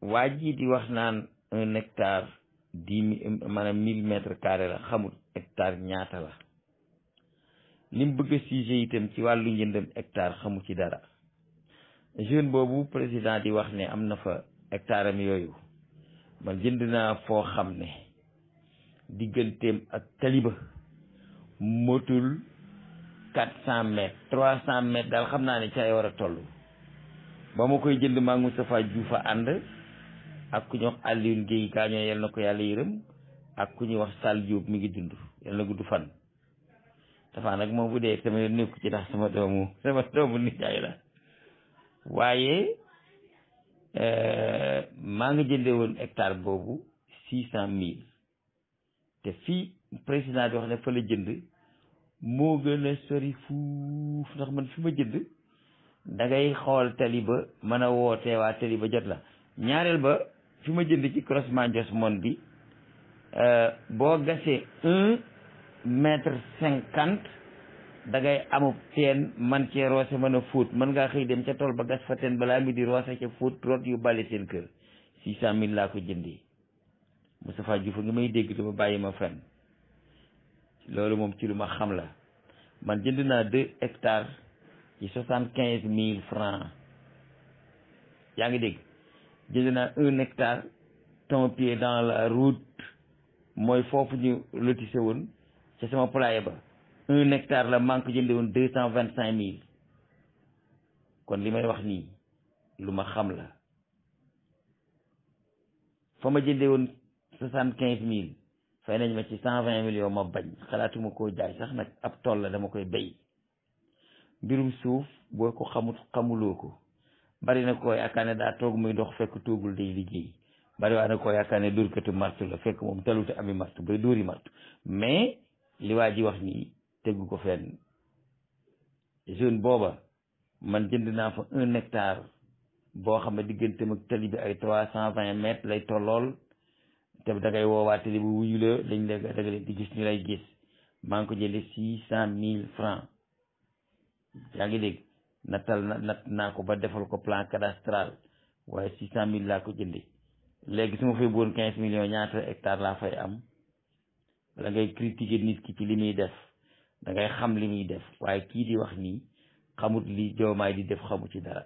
waa ji di wax naan un hectare dix mille euh, maanaam mille la xamul hectare ñaata la li mu bëgg a ci wàllu njëndam hectare xamu ci dara jeune boobu président di wax ne am na fa hectare am yooyu man jënd naa foo xam ne digganteem ak taliba motul quatre cent mètres trois cent mètres daal xam naa ne ci ay war a toll ba ma koy jënd maa ngi Moustapha Diouf ànd ak ku ñuy wax Alioune Guèye gaañoo yal na ko yàlla yërëm ak ku ñuy wax Sall Diop mu ngi dund yal na gudd fan dafa nag moom bu dee tamit nekku ci ndax sama doomu sama doomu nijaay la waaye eh, maa ngi jënde woon hectare boobu six cent mille te fii président bi wax ne fa la jënd moo gën a sori fuuf ndax man fi ma jënd da xool tali ba mën a wootee waa tali ba jot la ñaareel ba fi ma jënd ci croisement Josmone bi euh, boo gasee un mètre cinquante da ngay teen man cee roose man a fóot mën ngaa xëy dem ca tool ba gas fa teen balaa mi di roose ca fóot root yu bale seen kër six cent mille laa ko jëndee Moustapha Diouf ngi may dégg duma bàyyi ma fenn loolu moom ci lu ma xam la man jënd naa deux hectares ci soixante quinze mille francs yaa ngi dégg jëlee naa un hectare ton pied dans la route mooy foofu ñu lotissé woon ca sama poulailler ba un hectare la manque jënde woon deux cent vingt cinq mille kon li may wax nii lu ma xam la fa ma jënde woon soixante quinze mille fay nañ ma ci cent vingt millions ma bañ xalaatuma koo jaay sax nag ab tool la dama koy bay mbirum suuf boo ko xamut xamuloo ko bari na koo yaakaar ne daa toog muy dox fekk toogul day liggéey bari waa na koo yaakaar ne dóorkatu martu la fekk moom talute ami martu bay dóori martu mais li waa ji wax nii tegu ko fenn jeune booba man jënd naa fa un hectare boo xam ne diggante ak tali bi ay trois cent vingt mètres lay tollool te da ngay woowaa tali bi wuyu dañ la da leen di gis ñu lay gis maa ngi ko jële six cent mille francs yaa ngi dégg nattal na natt naa ko ba defal ko plan cadastral waaye six cent mille laa ko jënde léegi suma ma fay boon quinze millions ñaata hectare laa fay am bala ngay critiquer nit ki ci li muy def da ngay xam li muy def waaye kii di wax nii xamut li joomaay di def xamu ci dara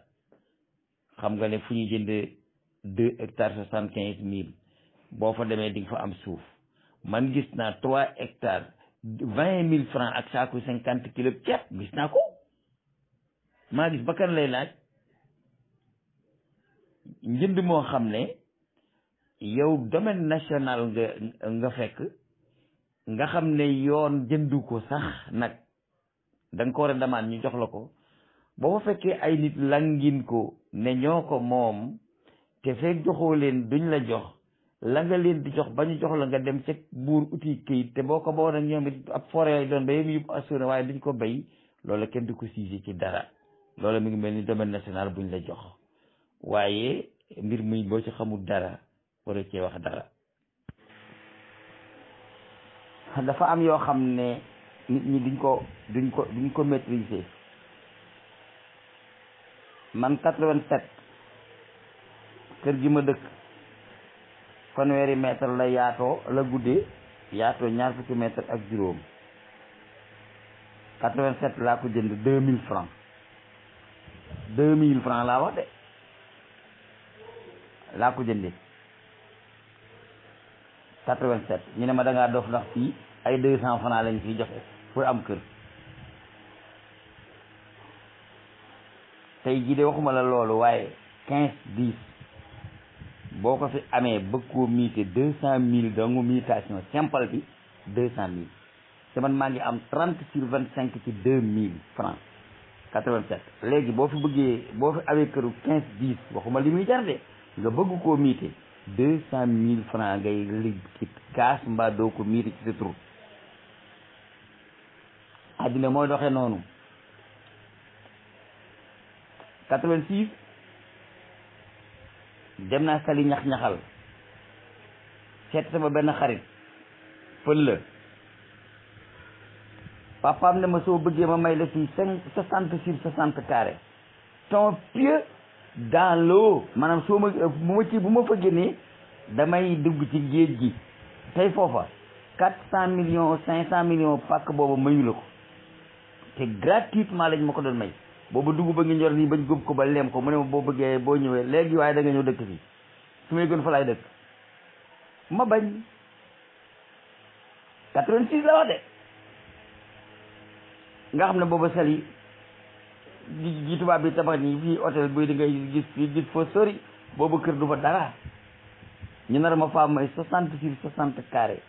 xam nga ne fu ñu jënd deux hectares soixante quinze mille boo fa demee di nga fa am suuf man gis naa trois hectares vingt mille francs ak saaku cinquante kilo ceeb gis naa ko maa gis bakkan lay laaj njënd moo xam ne yow domaine national nga fekk nga xam ne yoon jëndu ko sax nag da nga ko war a demande ñu jox la ko boo fekkee ay nit langin ko ne ñoo ko moom te fekk joxoo leen duñ la jox la nga leen di jox ba ñu jox la nga dem ca buur uti këyit te boo ko bowoon ak ñoom it ab forêt lay doon ba yëpp assuré waaye duñ ko bay loolu kenn du ko siise ci dara loola mi ngi mel ni domaine national buñ la jox waaye mbir mi boo ci xamul dara war cee wax dara. dafa am yoo xam ne nit ñi duñ ko duñ ko duñ ko maîtriser man 87 kër gi ma dëkk fanweeri mètre la yaatoo la guddee yaatoo ñaar fukki mètre ak juróom 87 laa ko jënd 2000 francs deux mille francs laa wax de laa ko jëndee quatre-vingt-sept ñu ne ma da ngaa dof fii ay deux cent francs lañ fiy joxe pour am kër tey jii de waxuma la loolu waaye quinze dix boo ko fi amee bëgg koo miite deux cent mille dangu mutation simple bi deux cent mille te man maa ngi am trente sur vingt cinq ci deux mille francs 87 léegi boo fi bëggee boo fi awee këru 15 10 waxuma li muy jar nga bëgg koo miite 200000 francs ngay lig ci kaas mbaa doo ko miite ci sa addina mooy doxee noonu 86 dem naa sali ñax-ñaxal seet sama benn xarit fël la papaam ne ma soo bëggee ma may la fii cinq soixante sur soixante carré ton dans l'eau maanaam soo ma bu ma ci bu damay dugg ci géej gi tey foofa quatre cent millions cinq cent millions pàkk boobu mayu la ko te gratuitement lañ ma ko doon may boobu dugub ba ngi ñor nii bañ góob ko ba leem ko mu ne ma boo bëggee boo ñëwee léegi waaye da nga ñëw dëkk fii su may gën fa laay dëkk ma bañ quatre-vingt-six la wax de nga xam ne booba sali gi gi tubaab bi tabax nii fii hôtel buy di ngay gis fii gis foo sori boobu kër du fa dara ñu nar ma faa may soixante sur soixante carré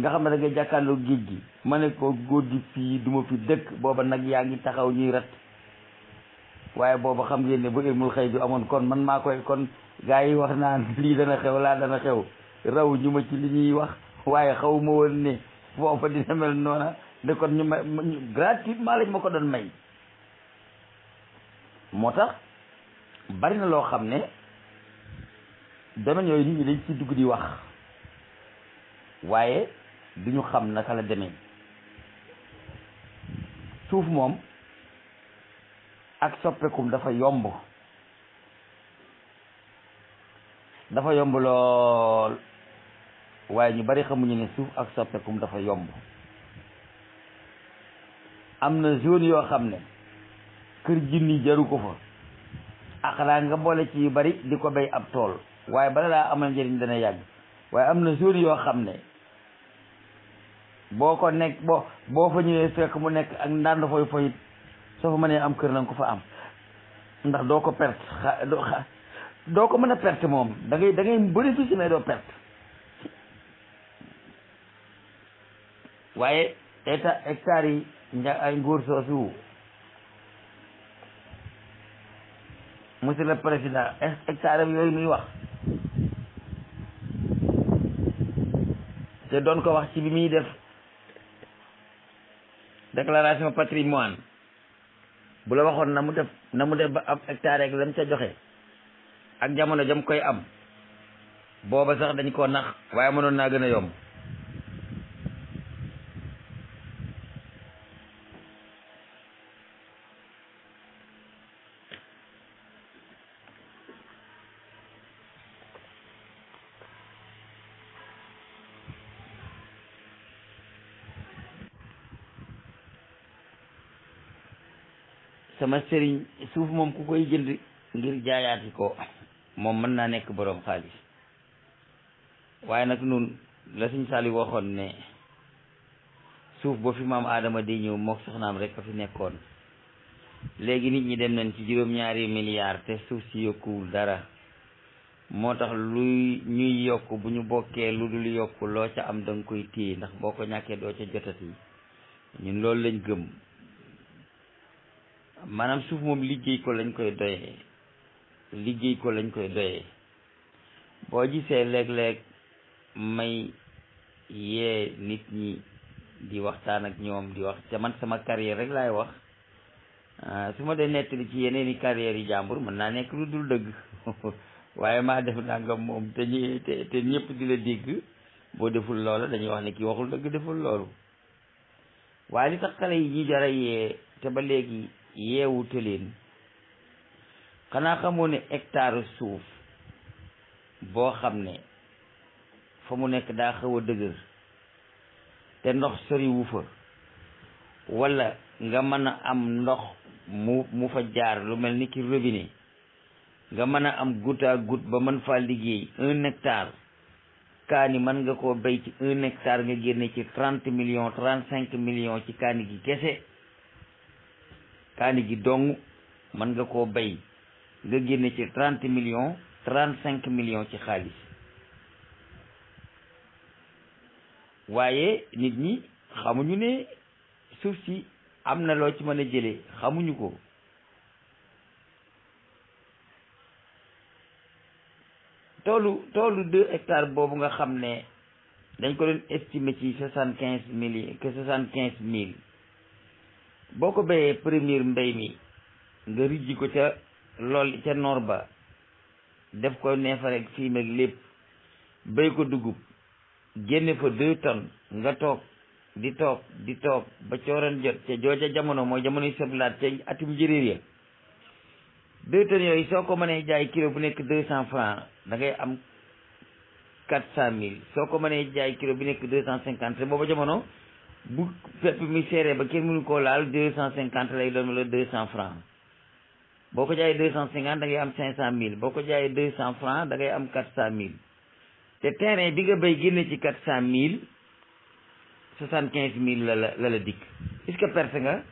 nga xam ne da ngay géej gi ma ne ko góor gi fii du ma fi dëkk booba nag yaa ngi taxaw ñuy rat waaye booba xam ngeen ne bu ilmul xëy bi amoon kon man maa koy kon gaa yi wax naan lii dana xew laa dana xew raw ñu ma ci li ñuy wax waaye xaw ma woon ne foofa dina mel noona da kon ñu may gratuitement lañ ma ko doon may moo tax bari na loo xam ne domaine yooyu nit ñi dañ ci dugg di wax waaye du ñu xam naka la demee suuf moom ak soppeekum dafa yomb dafa yomb lool waaye ñu bari xamuñu ne suuf ak soppeekum dafa yomb am na zone yoo xam ne kër jinni jaru ko fa axanaa nga boole ci yu bari di ko béy ab tool waaye bala laa amal njëriñ dana yàgg waaye am na zone yoo xam ne boo ko nekk boo boo fa ñëwee fekk mu nekk ak ndànd foy foyit soo fa mënee am kër na ko fa am ndax doo ko perte doo ko mën a perte moom da ngay da ngay bénéfice mais doo perte waaye état hectare yi nja ay nguur soosu monsieur le président hectare yooyu muy wax te doon ko wax ci bi muy def déclaration patrimoine bu la waxoon na mu def na mu def ba am hectare ak lam ca joxe ak jamono jam koy am booba sax dañ koo nax waaye mënoon naa gën a yomb sama sëriñ suuf moom ku koy jënd ngir jaayaati ko moom mën naa nekk boroom xaalis waaye nag nun la suñ saali waxoon ne suuf boo fi maam aadama di ñëw mook soxnaam rek a fi nekkoon léegi nit ñi dem nañ ci juróom-ñaari milliards te suuf si yokkuwul dara moo tax luy ñuy yokk bu ñu bokkee lu dul yokk loo ca am da koy téye ndax boo ko ñàkkee doo ca jotati ñun loolu lañ gëm maanaam suuf moom liggéey ko lañ koy doyee liggéey ko lañ koy doyee boo gisee léeg-léeg may yee nit ñi di waxtaan ak ñoom di wax te man sama carrière rek laay wax ah, su ma dee nettali ci yeneen i carrières yi jàmbur mën naa nekk lu dul dëgg waaye maa def nangam moom te ñu te te ñëpp di dégg boo deful loola dañuy wax ne kii waxul dëgg deful loolu waaye li tax xale yi ñuy jara yee te ba léegi yeewute leen xanaa xamoo ne hectare suuf boo xam ne fa mu nekk daa xaw a dëgër te ndox soriwu fa walla nga mën a am ndox mu mu fa jaar lu mel ni ki robinet nga mën a am goutte à ba mën faa liggéey un hectare kaani mën nga koo béy ci un hectare nga génne ci trente millions trente cinq millions ci kaani gi kese kaani gi dong mën nga koo bay nga génne ci trente millions trente cinq million ci xaalis waaye nit ñi xamuñu ne suuf si am na loo ci mën a jëlee xamuñu ko toolu toolu deux hectares boobu nga xam ne dañ ko doon estimer ci soixante quinze mille que soixante quinze mille boo ko béyee première mbey mi nga rijji ko ca lool ca noor ba def ko neefare ak fii ak lépp bay ko dugub génne fa deux tonnes nga toog di toog di toog ba cooran jot ca jooja jamono mooy jamonoy seblaat ca atum njëriñ ya deux tonnes yooyu soo ko mënee jaay kilo bu nekk deux cent franc dangay am quatre cent mille soo ko mënee jaay kilo bu nekk deux cent cinquante booba jamono bu pepp mi seere ba kenn mënu koo laal deux cent cinquante lay doon wala deux cent franc boo ko jaayee deux cent cinquante da ngay am cinq cent mille boo ko jaayee deux cent franc da ngay am quatre cent mille te terrain bi nga bay génne ci quatre cent mille soixante quinze mille la la la dikk est-ce nga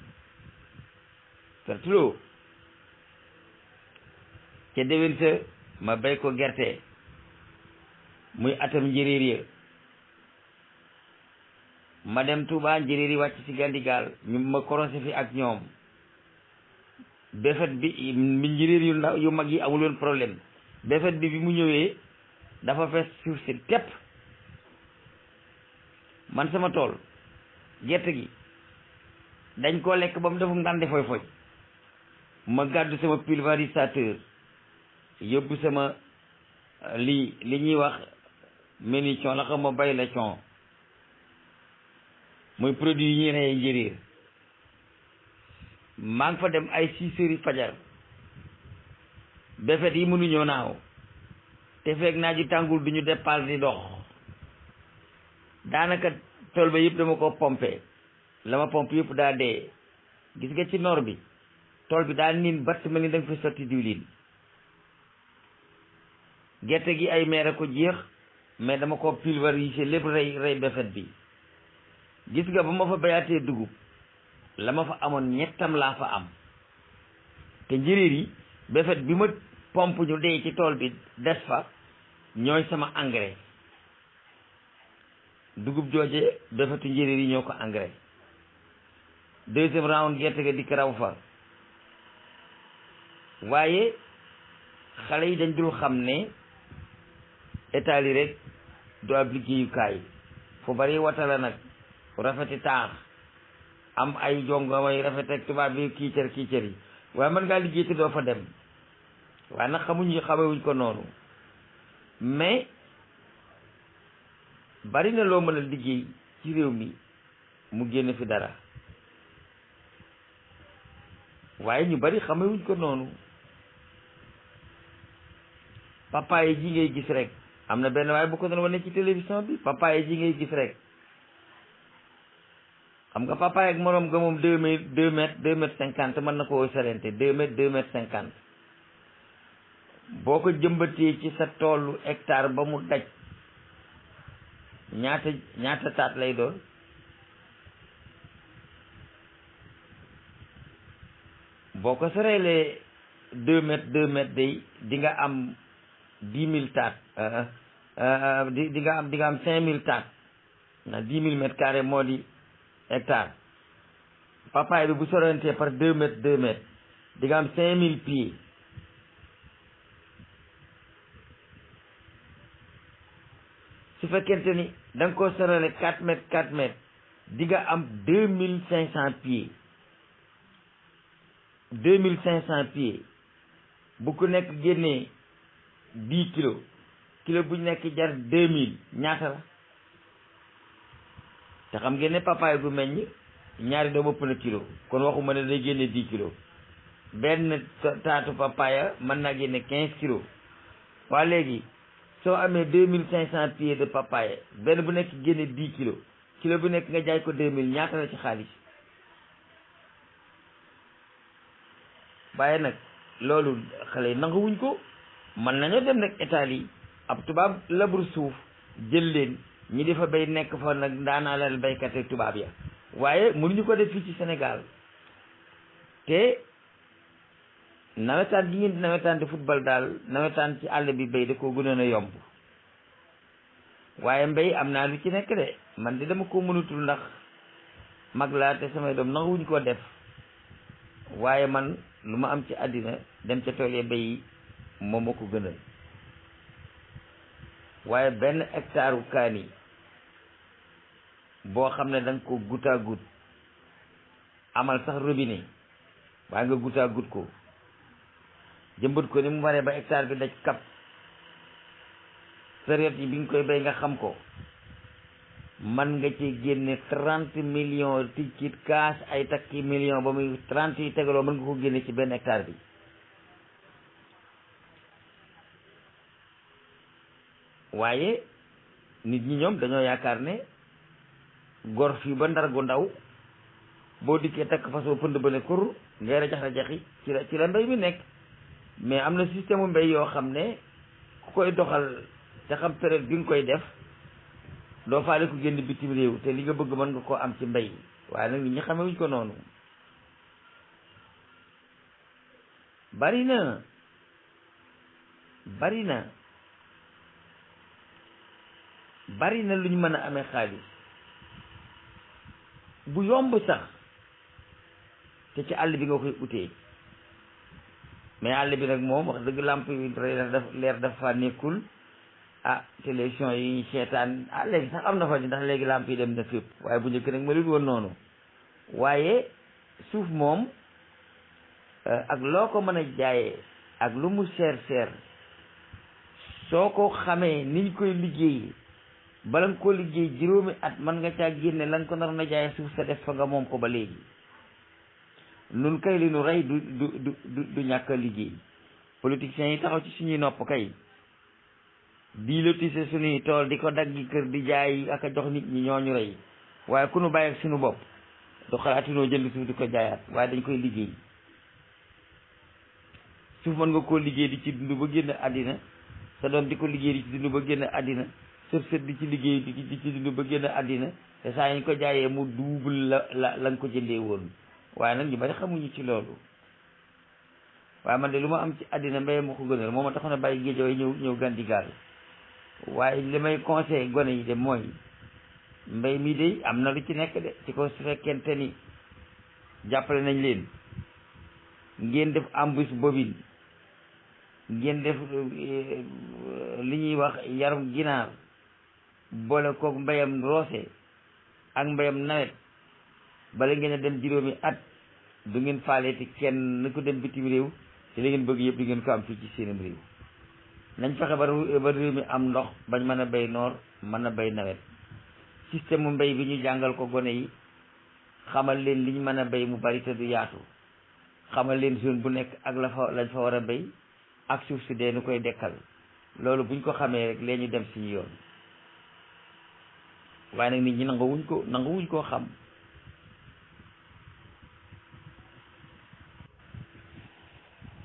pertuloo ca déwén sa ma béy ko gerte muy atam njëriñ ya ma dem Touba njëriñ wàcc ci Gandigal ma korosé fi ak ñoom befet bi njëriñ yu ndaw yu mag yi amul woon problème befet bi bi mu ñëwee dafa fees suuf si tepp man sama tool gerte gi dañ ko lekk ba mu defu ngànde foy foy ma gàddu sama pulvérisateur yóbbu sama lii li ñuy wax menu con la xam ma bay la con mooy produit yi ñuy reyee njëriñ maa ngi fa dem ay six heures fajar befet yi mënuñoo naaw te feeg naa ji tàngul du ñu dépasse di dox daanaka tool ba yëpp dama ko pompe lama ma pompe yëpp daa dee gis nga ci noor bi tool bi daa niin batt mel ni da nga fa sotti diwlin gerte gi ay meer a ko jeex mais dama ko pulvériser lépp rey rey befet bi gis nga ba ma fa bayaatee dugub la ma fa amoon ñettam laa fa am te njëriñ yi befet bi ma pompe ñu dee ci tool bi des fa ñooy sama engrais dugub jooje befetu njëriñ yi ñoo ko engrais deuxième round gerte ga dikk raw fa waaye xale yi dañ dul xam ne état li rek du ab liggéeyukaay fu bari wata nag rafet rafeti taax am ay jongo way rafet ak tubaab bi kiicër kiicër yi waaye mën ngaa liggéey te doo fa dem waaye nag xamuñu xamewuñ ko noonu mais bari na loo mën a liggéey ci réew mi mu génn fi dara waaye ñu bari xamewuñ ko noonu papa yi ji ngay gis rek am na benn waaye bu ko doon wane ci télévision bi papa yi ji ngay gis rek xam nga papa ak moroom nga moom deux mètres deux mètres deux mètres cinquante mën na koo sorente deux mètres deux mètres cinquante boo ko jëmbatee ci sa toolu hectare ba mu daj ñaata ñaata taat lay doon boo ko soreelee deux mètres deux mètres day di nga am dix mille taat euh, euh, euh, di di nga am di nga am cinq mille taat na dix mille mètres carrés moo di hectares papaay bi bu sorantee par deux mètres deux mètres di nga am cinq mille pieds su fekkente ni da ko sorale quatre mètres quatre mètres di am deux mille cinq cent pieds deux mille cinq cent pieds bu ku nekk génnee dix kilos kilo bu nekk jar deux mille ñaata la te xam ngeen ne papaay gu meññ ñaari doom ëpp na kilo kon waxuma ne day génne di kilos benn taatu papaaya mën naa génne quinze kilos waa léegi soo amee deux mille cinq cent pieds de papaaya benn bu nekk génne dix kilos kilo bu nekk nga jaay ko deux mille ñaata la ci xaalis waaye nag loolu xale yi nanguwuñ ko mën nañoo dem nag yi ab tubaab labur suuf jël leen ñi di fa bay nekk fa nag daanaalal baykat yi tubaab ya waaye mënuñu ko def fii ci senegaal te nawetaan gi ngeen di nawetaan di football daal nawetaan ci àll bi bay da koo gënoon a yomb waaye mbay am naa lu ci nekk de man di dama ko mënutul ndax mag laa te samay doom nanguwuñ koo def waaye man lu ma am ci àddina dem ca tool ya bay moom ma ko gënal waaye benn hectare kaani boo xam ne da ko guta gut amal sax robinet waaye nga guta gut ko jëmbët ko ni mu waree ba hectare bi daj kap période yi bi nga koy bay nga xam ko man nga ci génne trente millions ticcit kaas ay takki million ba muy trente yi tegaloo mën nga ko génne ci benn hectare bi waaye nit ñi ñoom dañoo yaakaar ne gor fii ba ndar gu ndaw boo dikkee takk façon pënd ba ne kur ngay rajax rajaxi ci la ci la mbéy mi nekk mais am na système mbéy yoo xam ne ku koy doxal te xam période bi nga koy def doo faale ku génn bitim réew te li nga bëgg mën nga koo am ci mbéy waaye nag nit ñi xamewuñ ko noonu bari na bari na bari na ñu mën a amee xaalis bu yomb sax te ci àll bi nga koy utee mais àll bi nag moom wax dëgg làmp yi leer dafa nekkul ah télévision yi ñu seetaan ah léegi sax am na fa ndax léegi làmp yi dem na fépp waaye bu njëkk nag ma lut woon noonu waaye suuf moom euh, ak loo ko mën a jaaye ak lu mu seer seer soo ko xamee niñ koy liggéey bala nga ko liggéey juróomi at man nga caa génne la ko naroon a jaay suuf sa def fa nga moom ko ba léegi nun kay li nu rey du du du du ñàkk a liggéey politiciens yi taxaw ci suñuy nopp kay di lotise suñuy tool di ko daggi kër di jaay ak a jox nit ñi ñooñu rey waaye ku nu bàyyi suñu bopp du xalaatinoo jënd suuf di ko jaayaat waaye dañ koy liggéey suuf mën nga koo liggéey di ci dund ba génn àddina sa doom di ko liggéey di ci dund ba génn àddina sërsët di ci liggéey di di ci dund ba génn àddina te saa ñu ko jaayee mu double la la la nga ko jëndee woon waaye nag ñu bari xamuñu ci loolu waaye man de lu ma am ci àddina mbéy ma ko gënal a ma taxoon a bàyyi géej way ñëw ñëw Gandigaal waaye li may conseil gone yi de mooy mbéy mii de am na lu ci nekk de ci ko su fekkente ni jàppale nañ leen ngeen def embouche bobine ngeen def eh, li ñuy wax yaram ginaar boole koog mbayam roose ak mbayam nawet bala ngeen a dem juróomi at du ngeen faale te kenn ko dem bitim réew te la ngeen bëgg yëpp di ngeen ko am fii ci seenam réew nañ fexe ba ba réew mi am ndox bañ mën a bay noor mën a bay nawet système mu mbay bi ñu jàngal ko gone yi xamal leen li ñu mën a bay mu bari te du yaatu xamal leen zone bu nekk ak la fa lañ fa war a bay ak suuf si dee nu koy dekkal loolu buñ ko xamee rek lee ñu dem suñu yoon waaye nag nit ñi nanga wuñ ko nanga koo xam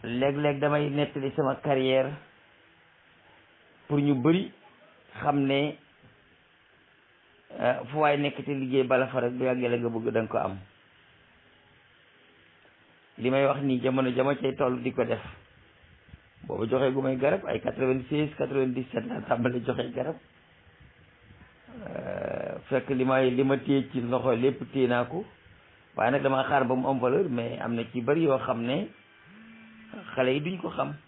léeg-léeg damay nettali sama carrière pour ñu bëri xam ne euh, fu waay nekk te liggéey bala fa rek bu yàggee la nga bëgg da ko am li may wax nii jamono jama cay toll di ko def boobu joxee gu may garab ay quatre-vingt-seize quatre-vingt-dix-sept laa tàmbale joxe garab fekk li may li ma téye ci loxo lépp téye naa ko waaye nag damaa xaar ba mu am mais am na ci bari yoo xam ne xale yi duñ ko xam